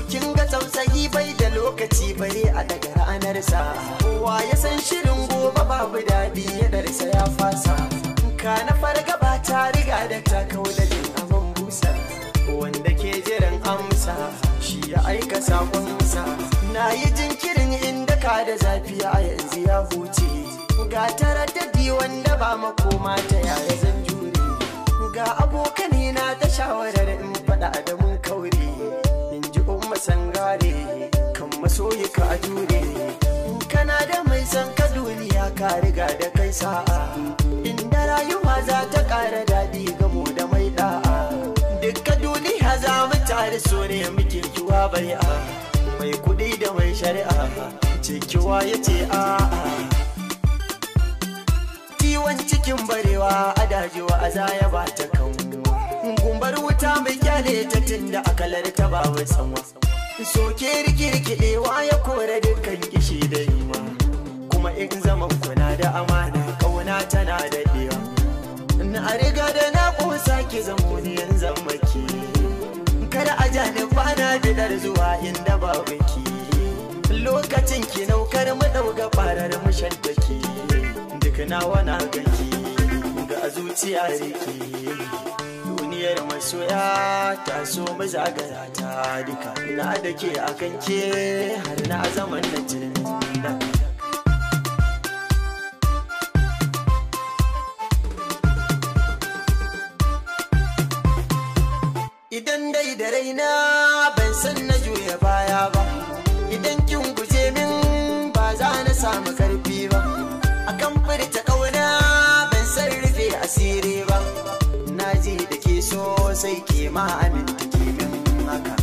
to kin ga tausayi bai da lokaci bare a daga ranarsa kowa ya san shirin gobe babu daɗi ya darsa ya fasa ka na fargaba ta riga da ta kawo da jin abin busa wanda ke jiran amsa shi ya aika sakon musa. na yi jinkirin inda ka da zafi a yanzu ya huce ga taraddadi wanda ba makoma ta yaya zan jure ga abokanina ta shawarar in faɗa da mu ka so ka jure kana da mai san ka duniya ka riga da kai sa'a inda rayuwa za ta ƙara daɗi gamo da mai ɗa'a. dukka duniya za mu tare so ne muke kiwa bai'a mai kuɗi da mai shari'a kiwa ya ce a'a kiwon cikin barewa a dajewa a zaya ba ta kan gumbar wuta mai kyale ta tunda akalar ta ba sanwa soke wa ya kore dukkan kishi da ima kuma in zaman kuna da amana kauna tana da daɗewa na riga da na ƙusa ki zamo ni yan zammaki kada a ja ni bana bidar zuwa inda ba ki lokacin ki naukar mu ɗauka farar mu shantaki duk nawa na gaki ga zuciya ki? soyayyar masoya ta so mazagara ta duka ina da ke kan ke har na zaman na tunan Idan dai da raina ban san na juya baya ba, idan kin guje min ba za na samu karfi ba, akan furta ma abin da ke haka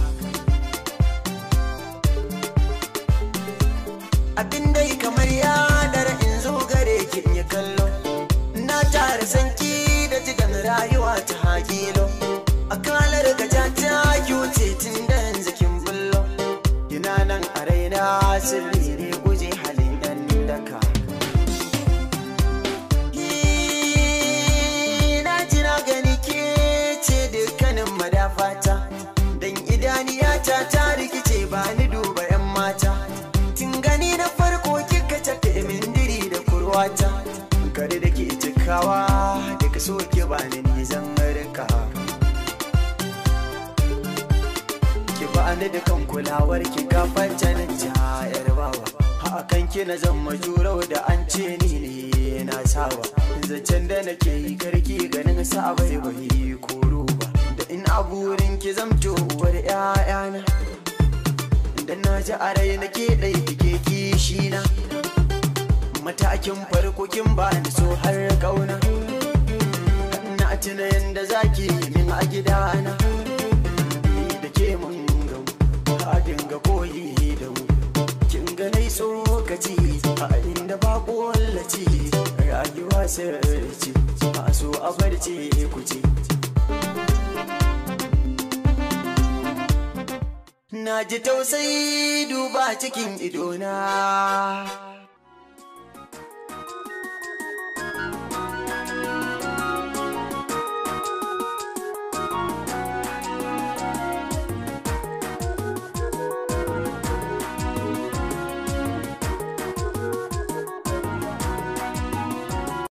abin dai kamar ya dara in zo gare ki kallo na tare sanki da jigan rayuwa ta hakilo A gaja ta ki wuce tun da yanzu kin bullo ina nan a raina sirri zuciyata ta rikice ba ni duba 'yan mata tun gani na farko kika tafi min diri da kurwata gari da ke cikawa da ka soke ba ni nizan rika ki ba ni da kan kulawar ki gafar canin jayar bawa a kan ki na zan majurau da an ce ni ne na sawa zancen da nake yi karki ganin sa bai bai koro in a burin ki zamto uwar yayana da na ji a rai na ke ɗai ke kishi na matakin farko kin ba ni so har ƙauna na tuna yanda zaki min a gidana ni da ke mun ga ka dinga koyi da mu kin ga nai tsokaci a inda ba wallaci rayuwa sai ce so a barci ku ce na ji tausayi duba cikin idona.